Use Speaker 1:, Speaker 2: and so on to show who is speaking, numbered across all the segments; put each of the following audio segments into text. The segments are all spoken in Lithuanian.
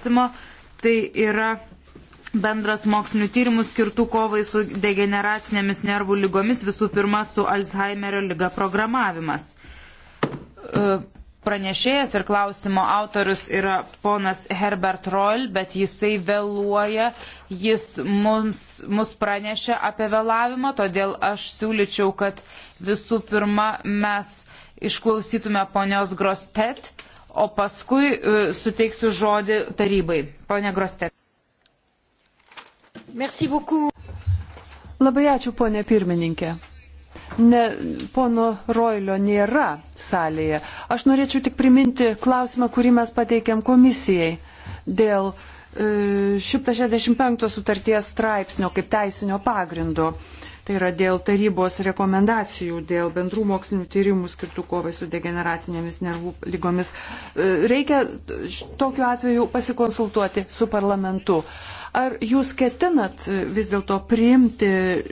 Speaker 1: klausimo. Tai yra bendras mokslinių tyrimų skirtų kovai su degeneracinėmis nervų lygomis, visų pirma su Alzheimerio lyga programavimas. E, pranešėjas ir klausimo autorius yra ponas Herbert Roll, bet jisai vėluoja, jis mums, mus pranešė apie vėlavimą, todėl aš siūlyčiau, kad visų pirma mes išklausytume ponios Grostet o paskui e, suteiksiu žodį tarybai. Pone Groste.
Speaker 2: Labai ačiū, ponė pirmininkė. Ne, pono Roilio nėra salėje. Aš norėčiau tik priminti klausimą, kurį mes pateikėm komisijai dėl 165 e, sutarties straipsnio kaip teisinio pagrindo. E, Tai yra dėl tarybos rekomendacijų, dėl bendrų mokslinių tyrimų skirtų kovai su degeneracinėmis nervų lygomis. E, Reikia tokiu atveju pasikonsultuoti su parlamentu. Ar jūs ketinat e, vis dėlto priimti e,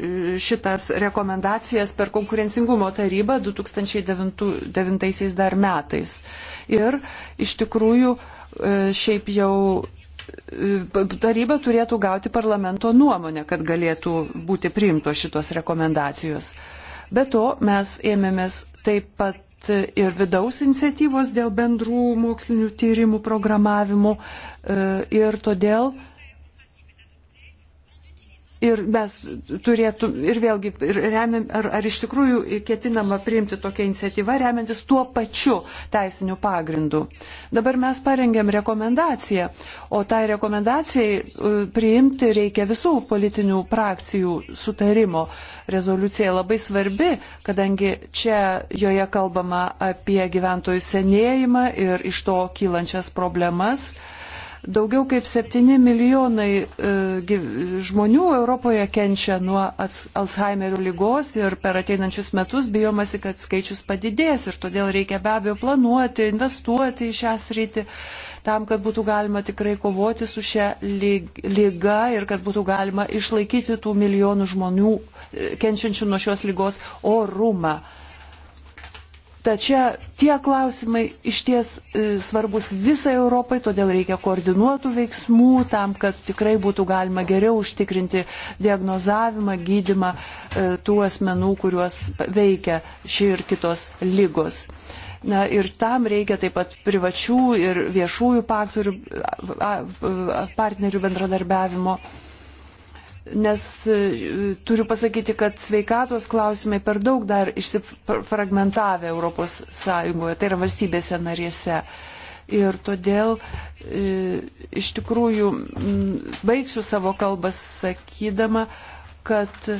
Speaker 2: šitas rekomendacijas per konkurencingumo tarybą 2009 dar metais? Ir iš tikrųjų šiaip jau taryba turėtų gauti parlamento nuomonę, kad galėtų būti priimtos šitos rekomendacijos. Be to, mes ėmėmės taip pat ir vidaus iniciatyvos dėl bendrų mokslinių tyrimų programavimo e, ir todėl Ir mes turėtų, ir vėlgi, ir remiam, ar, ar iš tikrųjų ketinama priimti tokią iniciatyvą remiantis tuo pačiu teisiniu pagrindu. Dabar mes parengėm rekomendaciją, o tai rekomendacijai e, priimti reikia visų politinių frakcijų sutarimo. Rezoliucija labai svarbi, kadangi čia joje kalbama apie gyventojų senėjimą ir iš to kylančias problemas. Uh, Daugiau kaip 7 milijonai e, žmonių Europoje kenčia nuo Alzheimerio lygos ir per ateinančius metus bijomasi, kad skaičius padidės ir todėl reikia be abejo planuoti, investuoti į šią sritį tam, kad būtų galima tikrai kovoti su šia lyga ir kad būtų galima išlaikyti tų milijonų žmonių e, kenčiančių nuo šios lygos orumą. Tačiau tie klausimai iš ties e, svarbus visai Europai, todėl reikia koordinuotų veiksmų tam, kad tikrai būtų galima geriau užtikrinti diagnozavimą, gydimą e, tų asmenų, kuriuos veikia ši ir kitos lygos. Na, ir tam reikia taip pat privačių ir viešųjų partnerių bendradarbiavimo nes e, turiu pasakyti, kad sveikatos klausimai per daug dar išsifragmentavę Europos Sąjungoje, tai yra valstybėse narėse. Ir todėl e, iš tikrųjų baigsiu savo kalbą sakydama, kad e,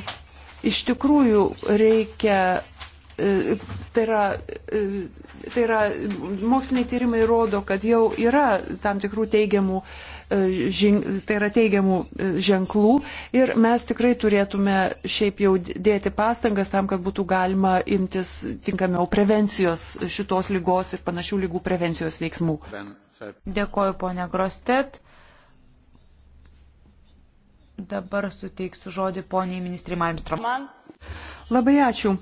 Speaker 2: iš tikrųjų reikia Tai yra, tai yra moksliniai tyrimai rodo, kad jau yra tam tikrų teigiamų, e, tai yra teigiamų e, ženklų ir mes tikrai turėtume šiaip jau dėti pastangas tam, kad būtų galima imtis tinkamiau prevencijos šitos lygos ir panašių lygų prevencijos veiksmų. Dėkoju, ponia Grostet.
Speaker 1: Dabar suteiksiu žodį poniai ministrai Malmstrom. Man.
Speaker 2: Labai ačiū.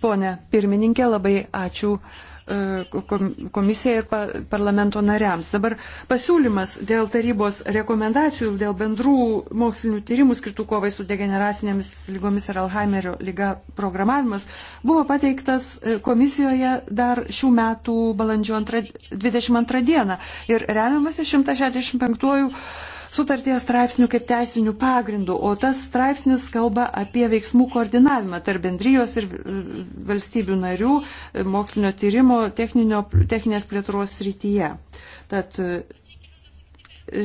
Speaker 2: Pone pirmininkė, labai ačiū e, komisija ir parlamento nariams. Dabar pasiūlymas dėl tarybos rekomendacijų, dėl bendrų mokslinių tyrimų skirtų kovai su degeneracinėmis lygomis ir Alzheimerio lyga programavimas buvo pateiktas e, komisijoje dar šių metų balandžio 22 dieną ir remiamasi 165 sutarties straipsnių kaip teisinių pagrindų, o tas straipsnis kalba apie veiksmų koordinavimą tarp bendrijos ir e, valstybių narių e, mokslinio tyrimo techninio, techninės plėtros srityje. Tad e,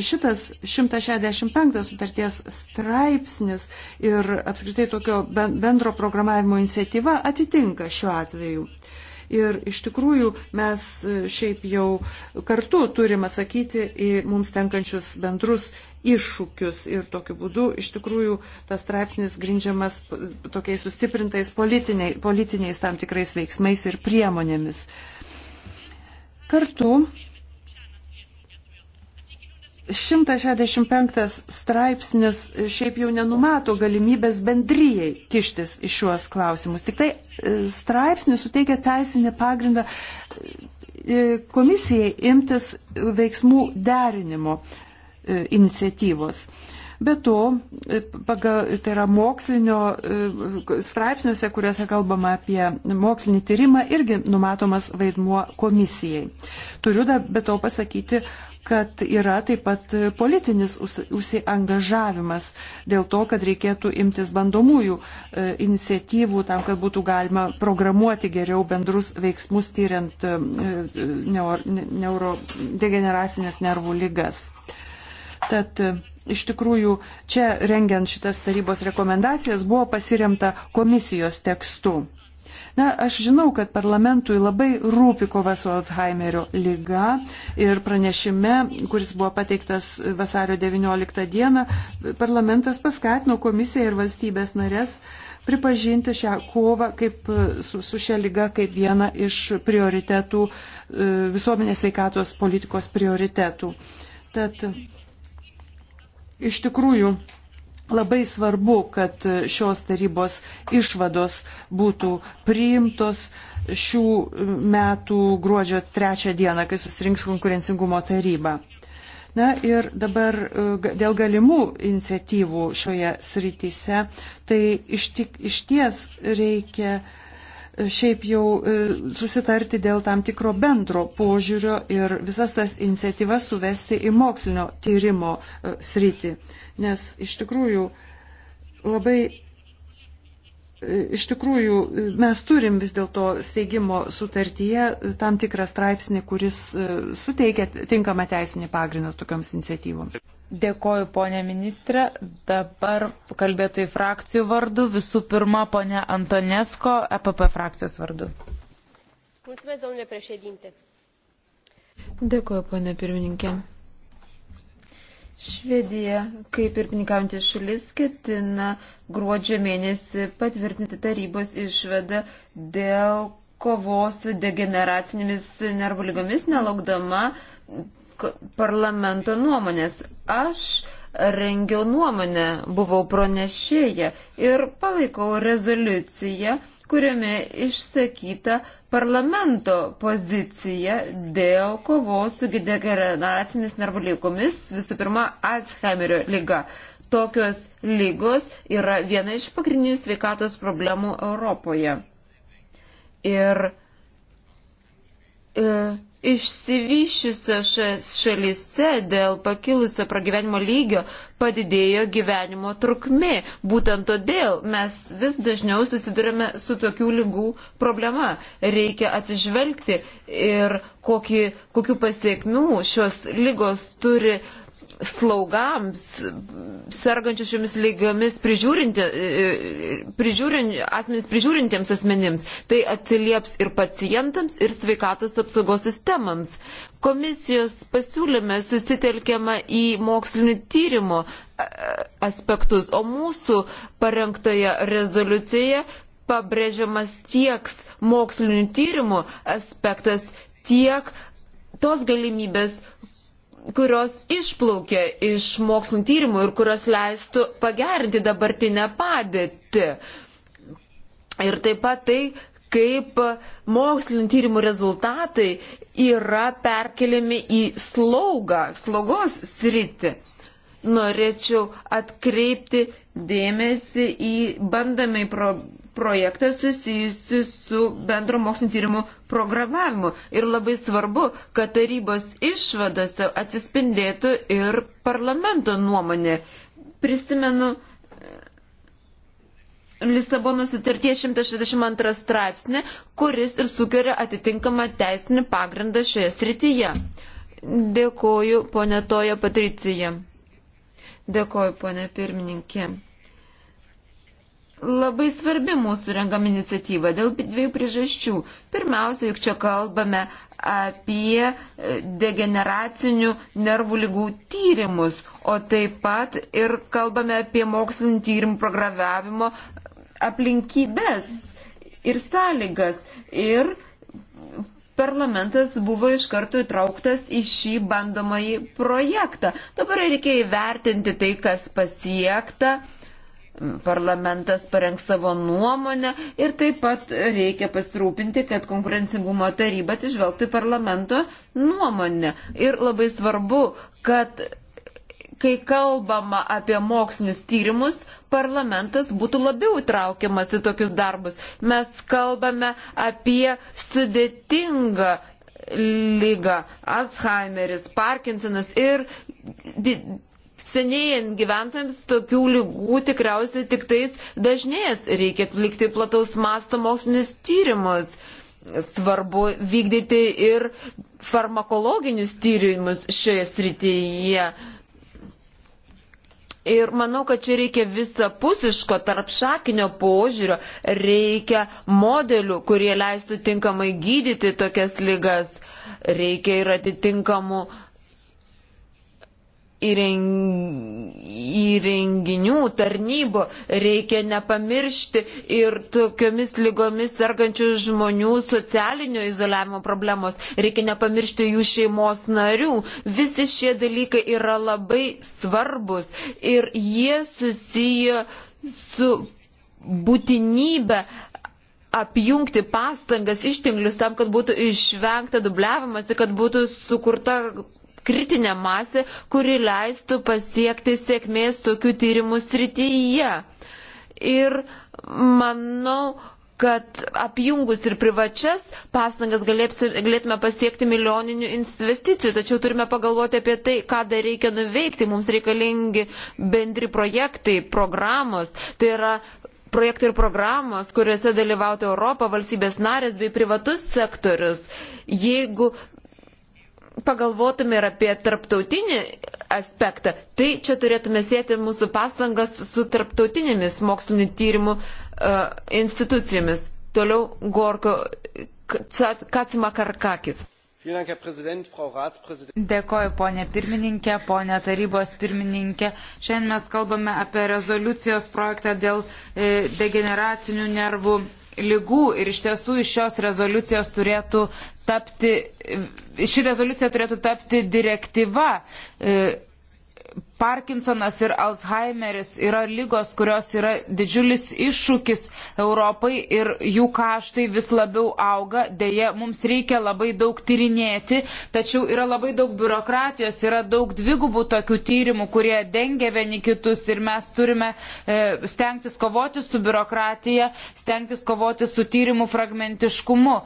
Speaker 2: šitas 165 sutarties straipsnis ir apskritai tokio bendro programavimo iniciatyva atitinka šiuo atveju. Uh, Ir iš tikrųjų mes e, šiaip jau kartu turim atsakyti į mums tenkančius bendrus iššūkius ir tokiu būdu iš tikrųjų tas straipsnis grindžiamas tokiais sustiprintais politiniai, politiniais tam tikrais veiksmais ir priemonėmis. Kartu 165 straipsnis šiaip jau nenumato galimybės bendryjai kištis į šiuos klausimus. Tik tai e, straipsnis suteikia teisinį pagrindą e, komisijai imtis veiksmų derinimo e, iniciatyvos. Be to, pagal, tai yra mokslinio straipsniuose, kuriuose kalbama apie mokslinį tyrimą, irgi numatomas vaidmuo komisijai. Turiu da, be to pasakyti, kad yra taip pat politinis užsiangažavimas dėl to, kad reikėtų imtis bandomųjų e, iniciatyvų tam, kad būtų galima programuoti geriau bendrus veiksmus tyriant e, e, neurodegeneracinės nervų lygas. Tad iš tikrųjų čia rengiant šitas tarybos rekomendacijas buvo pasiremta komisijos tekstu. Na, aš žinau, kad parlamentui labai rūpi kova su Alzheimerio lyga ir pranešime, kuris buvo pateiktas vasario 19 dieną, parlamentas paskatino komisiją ir valstybės narės pripažinti šią kovą kaip, su, su šia lyga kaip vieną iš prioritetų, e, visuomenės veikatos politikos prioritetų. Tad iš tikrųjų Labai svarbu, kad šios tarybos išvados būtų priimtos šių metų gruodžio trečią dieną, kai susirinks konkurencingumo taryba. Na ir dabar e, dėl galimų iniciatyvų šioje srityse, tai iš, tik, iš ties reikia uh, šiaip jau e, susitarti dėl tam tikro bendro požiūrio ir visas tas iniciatyvas suvesti į mokslinio tyrimo e, sritį. Nes iš tikrųjų labai iš tikrųjų mes turim vis dėlto steigimo sutartyje tam tikrą straipsnį, kuris e, suteikia tinkamą teisinį pagrindą tokiams iniciatyvoms. Dėkoju, ponė ministrė. Dabar kalbėtojai frakcijų vardu.
Speaker 1: Visų pirma, ponė Antonesko, EPP frakcijos vardu. Mulțumesc, domnule președinte.
Speaker 3: Dėkoju, ponė pirmininkė. Švedija, kaip ir pinkaujantys šalis, ketina gruodžio mėnesį patvirtinti tarybos išvadą dėl kovos su degeneracinėmis nervų lygomis, nelaukdama parlamento nuomonės. Aš rengiau nuomonę, buvau pranešėję ir palaikau rezoliuciją, kuriame išsakyta parlamento pozicija dėl kovos su degeneracinės nervų lygomis, visų pirma, Alzheimerio lyga. Tokios lygos yra viena iš pagrindinių sveikatos problemų Europoje. Ir e, Išsivyščiuose šalyse dėl pakilusio pragyvenimo lygio padidėjo gyvenimo trukmė. Būtent todėl mes vis dažniau susidurime su tokių lygų problema. Reikia atsižvelgti ir kokį, kokiu pasiekmių šios lygos turi uh, slaugams, sergančių šiomis lygiomis prižiūrinti, prižiūrin, asmenys prižiūrintiems asmenims. Tai atsilieps ir pacientams, ir sveikatos apsaugos sistemams. Komisijos pasiūlyme susitelkiama į mokslinių tyrimų e, aspektus, o mūsų parengtoje rezoliucijoje pabrėžiamas tieks mokslinių tyrimų aspektas, tiek tos galimybės, kurios išplaukia iš mokslinų tyrimų ir kurios leistų pagerinti dabartinę padėtį. Ir taip pat tai, kaip mokslinio tyrimų rezultatai yra perkeliami į slaugą, slaugos sritį. Norėčiau atkreipti dėmesį į bandamai pro, projektą susijusi su bendro mokslinio tyrimų programavimu. Ir labai svarbu, kad tarybos išvadose atsispindėtų ir parlamento nuomonė. Prisimenu e, Lisabono sutarties 162 straipsnį, kuris ir sukeria atitinkamą teisinį pagrindą šioje srityje. Dėkoju, ponė Toja Patricija. Dėkoju, ponė pirmininkė labai svarbi mūsų rengama iniciatyva dėl dviejų priežasčių. Pirmiausia, juk čia kalbame apie e, degeneracinių nervų lygų tyrimus, o taip pat ir kalbame apie mokslinį tyrimų programavimo aplinkybės ir sąlygas. Ir parlamentas buvo iš karto įtrauktas į šį bandomąjį projektą. Dabar reikia įvertinti tai, kas pasiekta. Uh, parlamentas parengs savo nuomonę ir taip pat reikia pasirūpinti, kad konkurencingumo taryba atsižvelgtų į parlamento nuomonę. Ir labai svarbu, kad kai kalbama apie mokslinius tyrimus, parlamentas būtų labiau įtraukiamas į tokius darbus. Mes kalbame apie sudėtingą lyga, Alzheimeris, Parkinsonas ir senėjant gyventojams tokių lygų tikriausiai tik tais dažnės. Reikia atlikti plataus masto mokslinius tyrimus. Svarbu vykdyti ir farmakologinius tyrimus šioje srityje. Ir manau, kad čia reikia visapusiško tarpšakinio požiūrio, reikia modelių, kurie leistų tinkamai gydyti tokias lygas, reikia ir atitinkamų uh, įrenginių, tarnybų. Reikia nepamiršti ir tokiomis lygomis sergančių žmonių socialinio izoliavimo problemos. Reikia nepamiršti jų šeimos narių. Visi šie dalykai yra labai svarbus ir jie susiję su būtinybę apjungti pastangas, ištinglius tam, kad būtų išvengta dubliavimasi, kad būtų sukurta kritinė masė, kuri leistų pasiekti sėkmės tokių tyrimų srityje. Ir manau, kad apjungus ir privačias pastangas galėtume pasiekti milijoninių investicijų, tačiau turime pagalvoti apie tai, ką dar reikia nuveikti. Mums reikalingi bendri projektai, programos. Tai yra projektai ir programos, kuriuose dalyvauti Europą, valstybės narės bei privatus sektorius. Jeigu pagalvotume ir apie tarptautinį aspektą, tai čia turėtume sėti mūsų pastangas su tarptautinėmis mokslinių tyrimų uh, institucijomis. Toliau Gorko Kacima Karkakis.
Speaker 1: Dėkoju,
Speaker 3: ponė pirmininkė, ponė
Speaker 1: tarybos pirmininkė. Šiandien mes kalbame apie rezoliucijos projektą dėl e, degeneracinių nervų lygų ir iš tiesų iš šios rezoliucijos turėtų tapti, ši rezoliucija turėtų tapti direktyva. E, Parkinsonas ir Alzheimeris yra lygos, kurios yra didžiulis iššūkis Europai ir jų kaštai vis labiau auga. Deja, mums reikia labai daug tyrinėti, tačiau yra labai daug biurokratijos, yra daug dvigubų tokių tyrimų, kurie dengia vieni kitus ir mes turime e, stengtis kovoti su biurokratija, stengtis kovoti su tyrimų fragmentiškumu.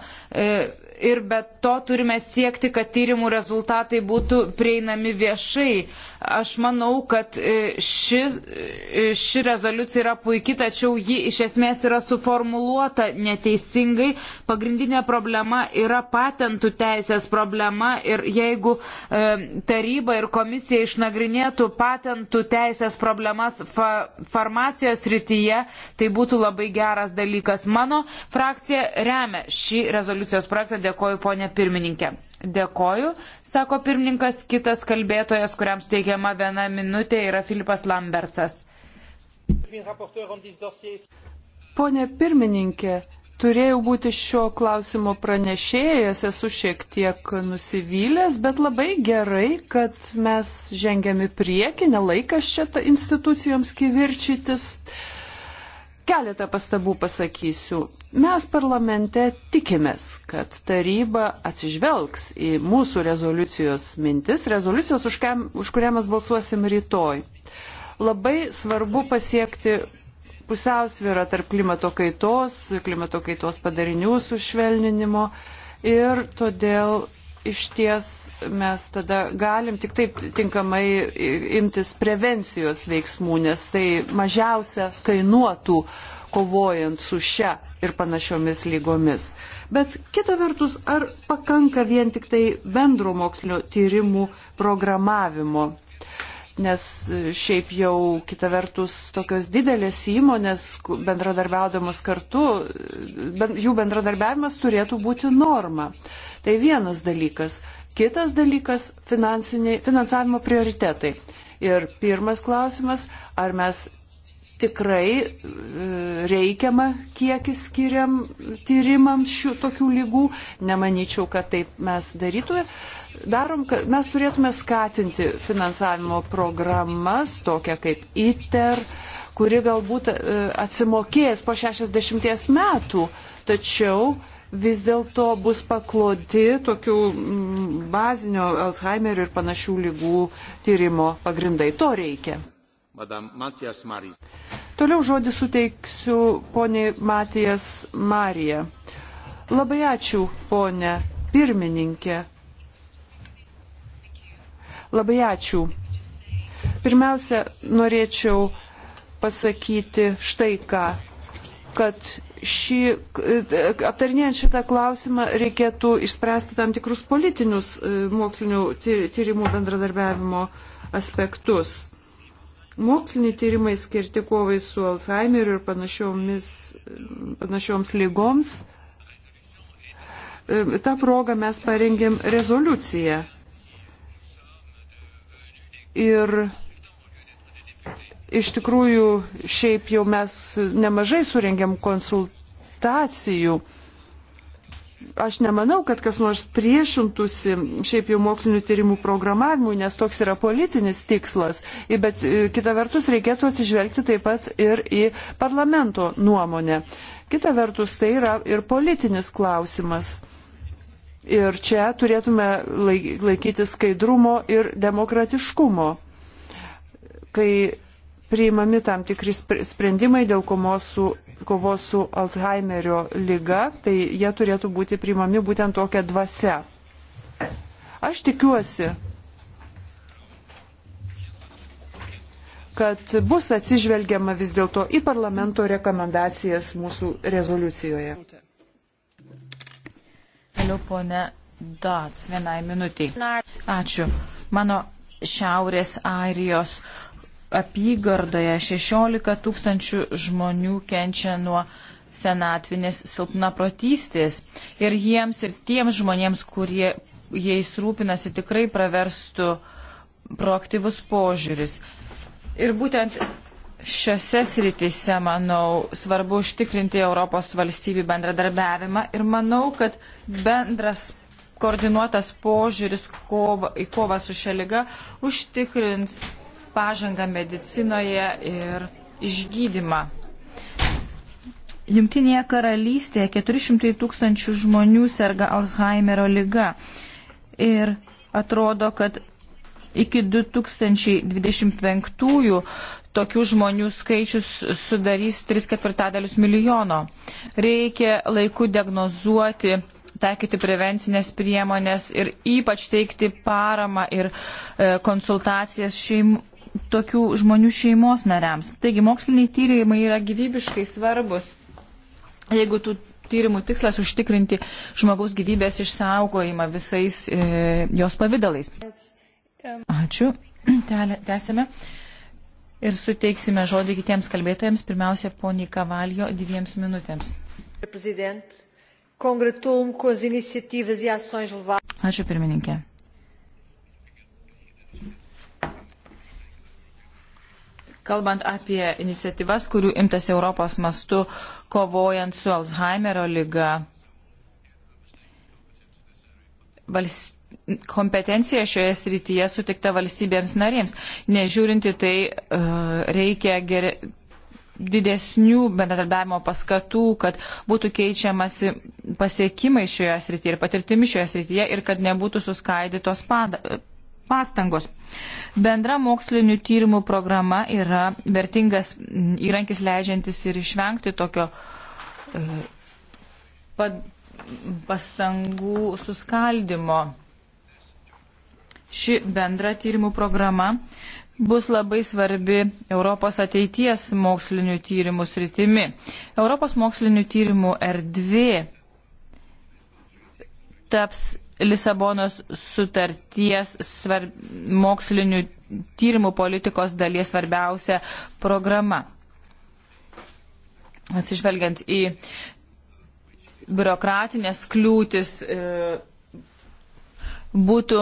Speaker 1: E, ir be to turime siekti, kad tyrimų rezultatai būtų prieinami viešai. Aš manau, kad e, ši, e, ši rezoliucija yra puikia, tačiau ji iš esmės yra suformuluota neteisingai. Pagrindinė problema yra patentų teisės problema ir jeigu e, taryba ir komisija išnagrinėtų patentų teisės problemas fa, farmacijos rytyje, tai būtų labai geras dalykas. Mano frakcija remia šį rezoliucijos projektą. Dėkoju, ponė pirmininkė. Dėkoju, sako pirmininkas, kitas kalbėtojas, kuriam steigiama
Speaker 2: viena minutė, yra Filipas
Speaker 1: Lambertsas.
Speaker 2: Pone pirmininkė, Turėjau būti šio klausimo pranešėjas, esu šiek tiek nusivylęs, bet labai gerai, kad mes žengiam į priekį, nelaikas čia institucijoms kivirčytis. Uh, Keletą pastabų pasakysiu. Mes parlamente tikimės, kad taryba atsižvelgs į mūsų rezoliucijos mintis, rezoliucijos, už, kam, už kurią mes balsuosim rytoj. Labai svarbu pasiekti pusiausvyrą tarp klimato kaitos, klimato kaitos padarinių sušvelninimo ir todėl iš ties mes tada galim tik taip tinkamai imtis prevencijos veiksmų, nes tai mažiausia kainuotų kovojant su šia ir panašiomis lygomis. Bet kita vertus, ar pakanka vien tik tai bendro mokslinio tyrimų programavimo nes e, šiaip jau kita vertus tokios didelės įmonės bendradarbiaudamos kartu, e, ben, jų bendradarbiavimas turėtų būti norma. Tai vienas dalykas. Kitas dalykas - finansavimo prioritetai. Ir pirmas klausimas, ar mes tikrai e, reikiamą kiekį skiriam tyrimams šių tokių lygų. Nemanyčiau, kad taip mes darytume darom, kad mes turėtume skatinti finansavimo programas, tokią kaip ITER, kuri galbūt e, atsimokės po 60 metų, tačiau vis dėlto bus pakloti tokių mm, bazinio Alzheimerio ir panašių lygų tyrimo pagrindai. To reikia. Toliau žodį suteiksiu poniai Matijas Marija. Labai ačiū, ponė pirmininkė. Labai ačiū. Pirmiausia, norėčiau pasakyti štai ką, kad šį, aptarinėjant šitą klausimą reikėtų išspręsti tam tikrus politinius e, mokslinių tyrimų bendradarbiavimo aspektus. Moksliniai tyrimai skirti kovai su Alzheimeriu ir panašioms, panašioms lygoms. E, Ta proga mes parengėm rezoliuciją Ir iš tikrųjų šiaip jau mes nemažai surengėm konsultacijų. Aš nemanau, kad kas nors priešintųsi šiaip jau mokslinių tyrimų programavimui, nes toks yra politinis tikslas. Bet e, kita vertus reikėtų atsižvelgti taip pat ir į parlamento nuomonę. Kita vertus tai yra ir politinis klausimas Ir čia turėtume laikyti skaidrumo ir demokratiškumo, kai priimami tam tikri sprendimai dėl su, kovos su Alzheimerio lyga, tai jie turėtų būti priimami būtent tokia dvasia. Aš tikiuosi, kad bus atsižvelgiama vis dėlto į parlamento rekomendacijas mūsų rezoliucijoje.
Speaker 4: Toliau ponė Dots, vienai minutiai. Ačiū. Mano Šiaurės Airijos apygardoje 16 tūkstančių žmonių kenčia nuo senatvinės silpnaprotystės. Ir jiems ir tiems žmonėms, kurie jais rūpinasi, tikrai praverstų proaktyvus požiūris. Ir būtent šiose sritise, manau, svarbu užtikrinti Europos valstybių bendradarbiavimą ir manau, kad bendras koordinuotas požiūris kova, į kovą su šia lyga užtikrins pažangą medicinoje ir išgydymą. Junktinėje karalystėje 400 tūkstančių žmonių serga Alzheimerio lyga ir atrodo, kad iki 2025 tokių žmonių skaičius sudarys 3 ketvirtadalius milijono. Reikia laiku diagnozuoti, taikyti prevencinės priemonės ir ypač teikti paramą ir e, konsultacijas šeim, tokių žmonių šeimos nariams. Taigi moksliniai tyrimai yra gyvybiškai svarbus. Jeigu tų tyrimų tikslas užtikrinti žmogaus gyvybės išsaugojimą visais e, jos pavydalais. Um, Ačiū. Tęsėme. Te, ir suteiksime žodį kitiems kalbėtojams, pirmiausia, poniai Kavaljo dviems minutėms. E Ačiū pirmininkė. Kalbant apie iniciatyvas, kurių imtas Europos mastu kovojant su Alzheimerio lyga, valst kompetencija šioje srityje sutikta valstybėms narėms. Nežiūrinti tai, e, reikia ger... didesnių bendradarbiavimo paskatų, kad būtų keičiamasi pasiekimai šioje srityje ir patirtimi šioje srityje ir kad nebūtų suskaidytos pada... pastangos. Bendra mokslinių tyrimų programa yra vertingas įrankis leidžiantis ir išvengti tokio e, pad... pastangų suskaldimo ši bendra tyrimų programa bus labai svarbi Europos ateities mokslinių tyrimų sritimi. Europos mokslinių tyrimų erdvė taps Lisabonos sutarties svarb... mokslinių tyrimų politikos dalies svarbiausia programa. Atsižvelgiant į biurokratinės kliūtis, e, būtų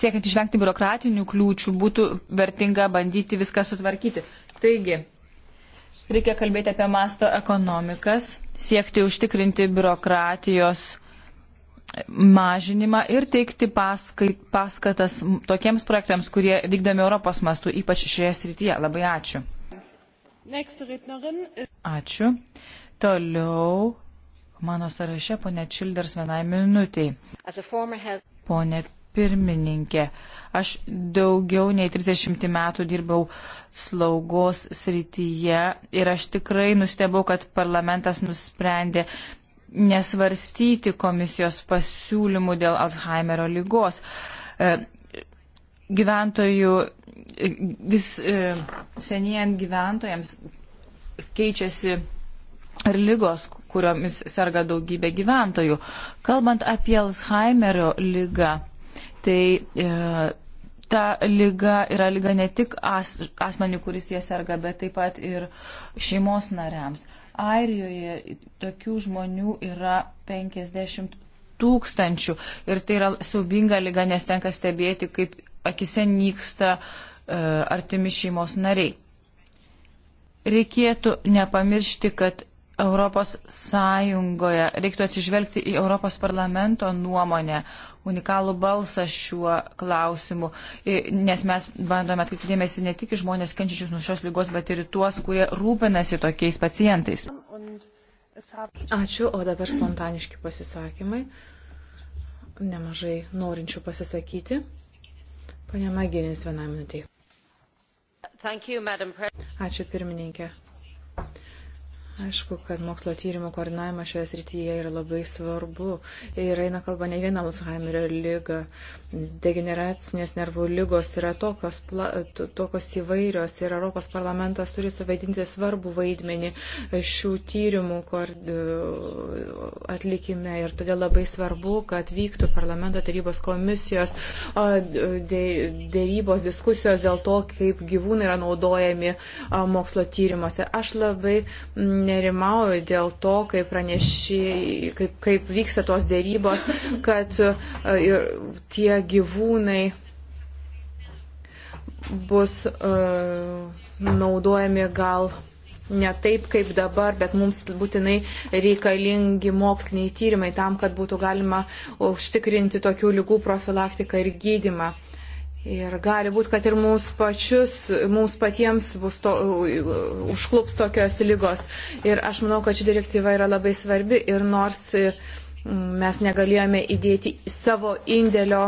Speaker 4: siekiant išvengti biurokratinių kliūčių, būtų vertinga bandyti viską sutvarkyti. Taigi, reikia kalbėti apie masto ekonomikas, siekti užtikrinti biurokratijos mažinimą ir teikti paskait, paskatas tokiems projektams, kurie vykdomi Europos mastu, ypač šioje srityje. Labai ačiū. Ačiū. Toliau mano sąraše ponė Čilders vienai minutiai. Pone pirmininkė. Aš daugiau nei 30 metų dirbau slaugos srityje ir aš tikrai nustebau, kad parlamentas nusprendė nesvarstyti komisijos pasiūlymų dėl Alzheimerio lygos. E, gyventojų, e, vis e, senėjant gyventojams keičiasi ir lygos, kuriomis serga daugybė gyventojų. Kalbant apie Alzheimerio lygą, Tai e, ta lyga yra lyga ne tik as, asmeniui, kuris jie serga, bet taip pat ir šeimos nariams. Airijoje tokių žmonių yra 50 tūkstančių ir tai yra siaubinga lyga, nes tenka stebėti, kaip akise nyksta e, artimi šeimos nariai. Reikėtų nepamiršti, kad Europos Sąjungoje reiktų atsižvelgti į Europos parlamento nuomonę, unikalų balsą šiuo klausimu, nes mes bandome atkreipti dėmesį ne tik į žmonės kenčiančius nuo šios lygos, bet ir į tuos, kurie rūpinasi tokiais pacientais.
Speaker 5: Ačiū, o dabar spontaniški pasisakymai. Nemažai norinčių pasisakyti. Pane Maginis, vieną minutį. Ačiū pirmininkė. Aišku, kad mokslo tyrimo koordinavimas šioje srityje yra labai svarbu. Ir eina kalba ne viena Alzheimerio lyga. Degeneracinės nervų lygos yra tokios, pla, tokios įvairios ir Europos parlamentas turi suvaidinti svarbų vaidmenį šių tyrimų atlikime. Ir todėl labai svarbu, kad vyktų parlamento tarybos komisijos dėrybos, diskusijos dėl to, kaip gyvūnai yra naudojami mokslo tyrimuose. Aš labai nerimauju dėl to, kaip, pranešė, kaip, kaip vyksta tos dėrybos, kad e, tie gyvūnai bus e, naudojami gal ne taip kaip dabar, bet mums būtinai reikalingi moksliniai tyrimai tam, kad būtų galima užtikrinti tokių lygų profilaktiką ir gydimą. Ir gali būti, kad ir mums, pačius, mums patiems bus to, užklups tokios lygos. Ir aš manau, kad ši direktyva yra labai svarbi ir nors e, mes negalėjome įdėti savo indėlio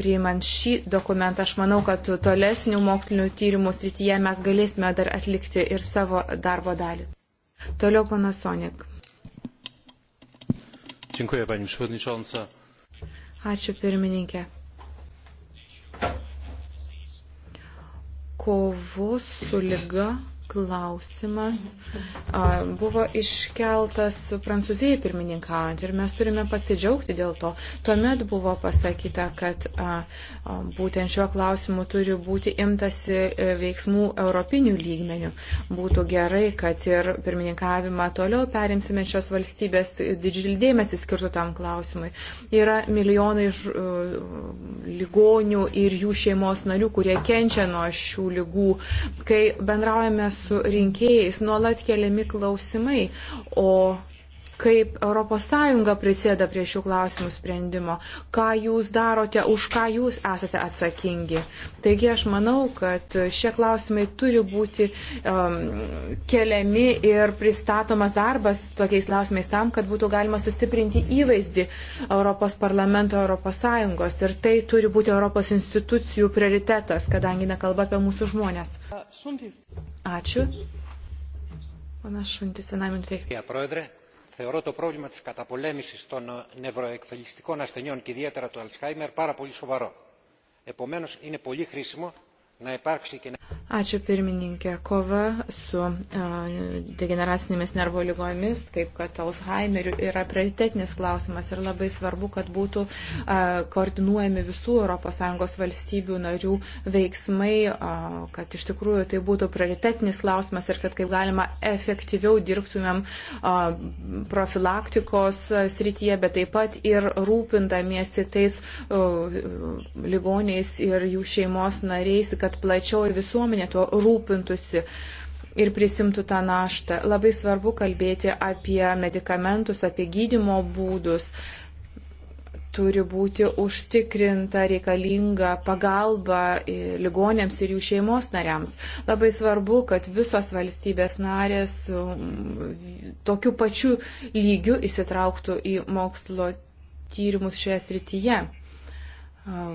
Speaker 5: priimant šį dokumentą, aš manau, kad tolesnių mokslinių tyrimų srityje mes galėsime dar atlikti ir savo darbo dalį. Toliau pana Sonik.
Speaker 2: Dziękuję, pani przewodnicząca.
Speaker 5: Ačiū pirmininkė kovos su lyga klausimas buvo iškeltas Prancūzijai pirmininkaujant ir mes turime pasidžiaugti dėl to. Tuomet buvo pasakyta, kad būtent šiuo klausimu turi būti imtasi e, veiksmų europinių lygmenių. Būtų gerai, kad ir pirmininkavimą toliau perimsime šios valstybės tai didžiulį dėmesį skirtų tam klausimui. Yra milijonai e, ligonių ir jų šeimos narių, kurie kenčia nuo šių lygų. Kai bendraujame su rinkėjais nuolat keliami klausimai, o kaip ES prisėda prie šių klausimų sprendimo, ką jūs darote, už ką jūs esate atsakingi. Taigi aš manau, kad šie klausimai turi būti um, keliami ir pristatomas darbas tokiais klausimais tam, kad būtų galima sustiprinti įvaizdį Europos parlamento ES. Ir tai turi būti Europos institucijų prioritetas, kadangi nekalba apie mūsų žmonės. Ačiū. Pana Šuntis, vieną minutę
Speaker 2: θεωρώ το πρόβλημα της καταπολέμησης των νευροεκφελιστικών ασθενειών και ιδιαίτερα του αλτσχάιμερ πάρα πολύ σοβαρό. επομένως είναι πολύ χρήσιμο να υπάρξει
Speaker 5: και να Ačiū pirmininkė. Kova su degeneracinėmis nervo lygomis, kaip kad Alzheimeriu, yra prioritetinis klausimas ir labai svarbu, kad būtų koordinuojami visų ES valstybių narių veiksmai, kad iš tikrųjų tai būtų prioritetinis klausimas ir kad kaip galima efektyviau dirbtumėm profilaktikos srityje, bet taip pat ir rūpindamiesi tais ligoniais ir jų šeimos nariais, kad plačiau visuomenė visuomenė tuo rūpintusi ir prisimtų tą naštą. Labai svarbu kalbėti apie medikamentus, apie gydimo būdus. Turi būti užtikrinta reikalinga pagalba ligonėms ir jų šeimos nariams. Labai svarbu, kad visos valstybės narės um, tokiu pačiu lygiu įsitrauktų į mokslo tyrimus šioje srityje.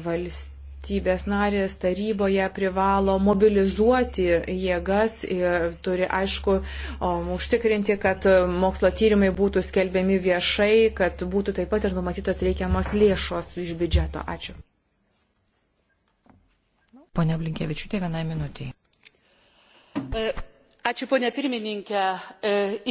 Speaker 5: Valst valstybės narės taryboje privalo mobilizuoti jėgas ir turi, aišku, um, užtikrinti, kad mokslo tyrimai būtų skelbiami viešai, kad būtų taip pat ir numatytos reikiamos lėšos iš biudžeto. Ačiū.
Speaker 4: Pone Blinkievičiūtė, vienai minutiai.
Speaker 6: E, E,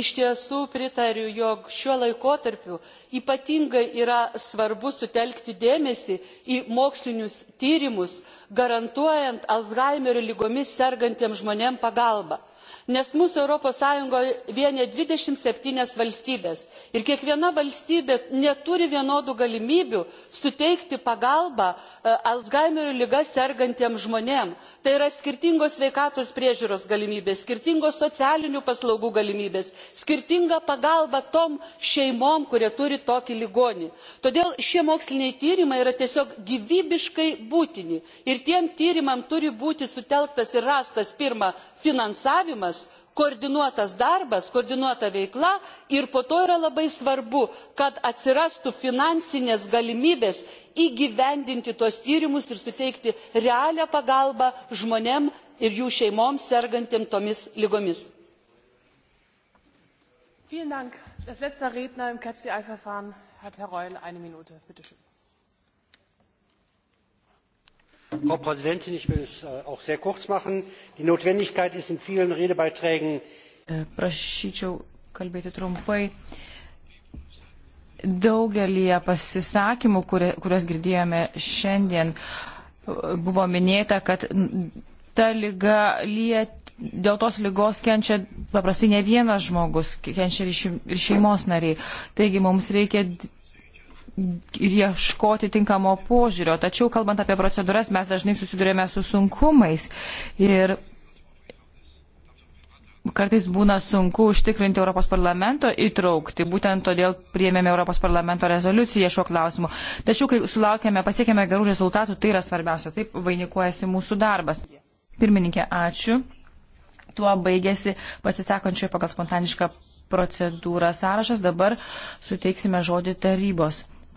Speaker 6: iš tiesų pritariu jog šiuo laikotarpiu ypatingai yra svarbu sutelkti dėmesį į mokslinius tyrimus garantuojant alzhaimerio ligomis sergantiems žmonėms pagalbą nes mūsų europos sąjungoje vienija dvidešimt septynias valstybes ir kiekviena valstybė neturi vienodų galimybių suteikti pagalbą e, alzhaimerio liga sergantiems žmonėms tai yra skirtingos sveikatos priežiūros galimybės skirtingos socialinių paslaugų galimybės skirtinga pagalba tom šeimom kurie turi tokį ligonį todėl šie moksliniai tyrimai yra tiesiog gyvybiškai būtini ir tiem tyrimam turi būti sutelktas ir rastas pirma finansavimas koordinuotas darbas, koordinuota veikla ir po to yra labai svarbu, kad atsirastų finansinės galimybės įgyvendinti tuos tyrimus ir suteikti realią pagalbą žmonėm ir jų šeimoms sergantiem tomis lygomis.
Speaker 2: Vielen Dank. Als letzter Redner im Catch-the-Eye-Verfahren hat Herr Reul eine Minute. Bitte schön frau präsidentin! ich will es äh, auch sehr kurz machen. die notwendigkeit ist in vielen redebeiträgen.
Speaker 4: Äh, prašyčiau kalbėti trumpai. daugelį pasisakymų kuriuos girdėjome šiandien buvo minėta kad ta liga liet dėl tos lygos kenčia paprastai ne vienas žmogus, kenčia ir, šeim, ir šeimos nariai. Taigi mums reikia ir ieškoti tinkamo požiūrio. Tačiau, kalbant apie procedūras, mes dažnai susidurėme su sunkumais ir kartais būna sunku užtikrinti Europos parlamento įtraukti, būtent todėl priėmėme Europos parlamento rezoliuciją šiuo klausimu. Tačiau, kai sulaukėme, pasiekėme gerų rezultatų, tai yra svarbiausia, taip vainikuojasi mūsų darbas. Pirmininkė, ačiū. Tuo baigėsi pasisakančioje pagal spontanišką procedūrą sąrašas. Dabar suteiksime žodį tarybos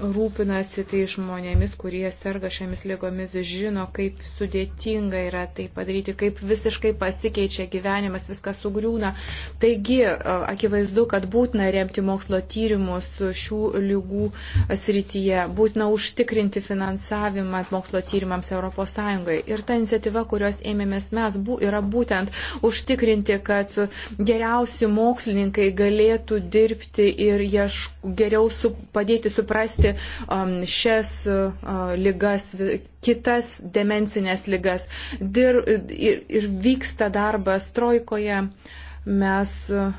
Speaker 5: rūpinasi tai žmonėmis, kurie serga šiomis lygomis, žino, kaip sudėtinga yra tai padaryti, kaip visiškai pasikeičia gyvenimas, viskas sugriūna. Taigi, akivaizdu, kad būtina remti mokslo tyrimus šių lygų srityje, būtina užtikrinti finansavimą mokslo tyrimams ES. Ir ta iniciatyva, kurios ėmėmės mes, yra būtent užtikrinti, kad geriausi mokslininkai galėtų dirbti ir iešk, geriau su, padėti suprasti, suprasti um, šias uh, lygas, kitas demencinės lygas. Dir, ir, ir vyksta darbas trojkoje. Mes uh,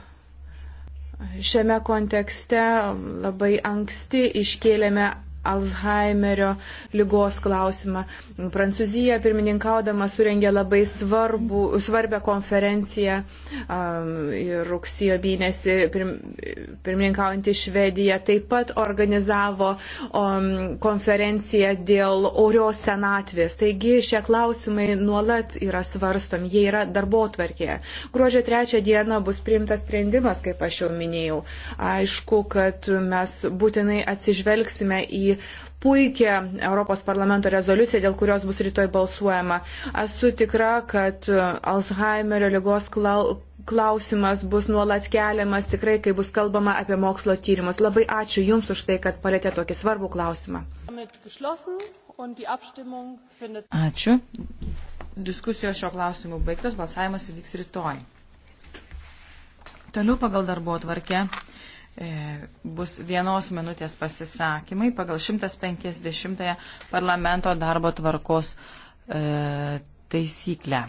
Speaker 5: šiame kontekste um, labai anksti iškėlėme Alzheimerio lygos klausimą. Prancūzija pirmininkaudama surengė labai svarbu, svarbę konferenciją um, ir rugsėjo mėnesį pirm, pirmininkaujantį Švediją taip pat organizavo um, konferenciją dėl orios senatvės. Taigi šie klausimai nuolat yra svarstomi, jie yra darbo tvarkėje. Gruodžio trečią dieną bus priimtas sprendimas, kaip aš jau minėjau. Aišku, kad mes būtinai atsižvelgsime į puikią Europos parlamento rezoliuciją, dėl kurios bus rytoj balsuojama. Esu tikra, kad e, Alzheimerio lygos klausimas klausimas bus nuolat keliamas tikrai, kai bus kalbama apie mokslo tyrimus. Labai ačiū Jums už tai, kad palėtė tokį svarbų klausimą.
Speaker 2: Ačiū.
Speaker 4: Diskusijos šio klausimu baigtas, balsavimas įvyks rytoj. Toliau pagal darbo atvarkę E, bus vienos minutės pasisakymai pagal 150 parlamento darbo tvarkos e, taisyklę.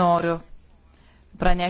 Speaker 4: Noriu pranešti.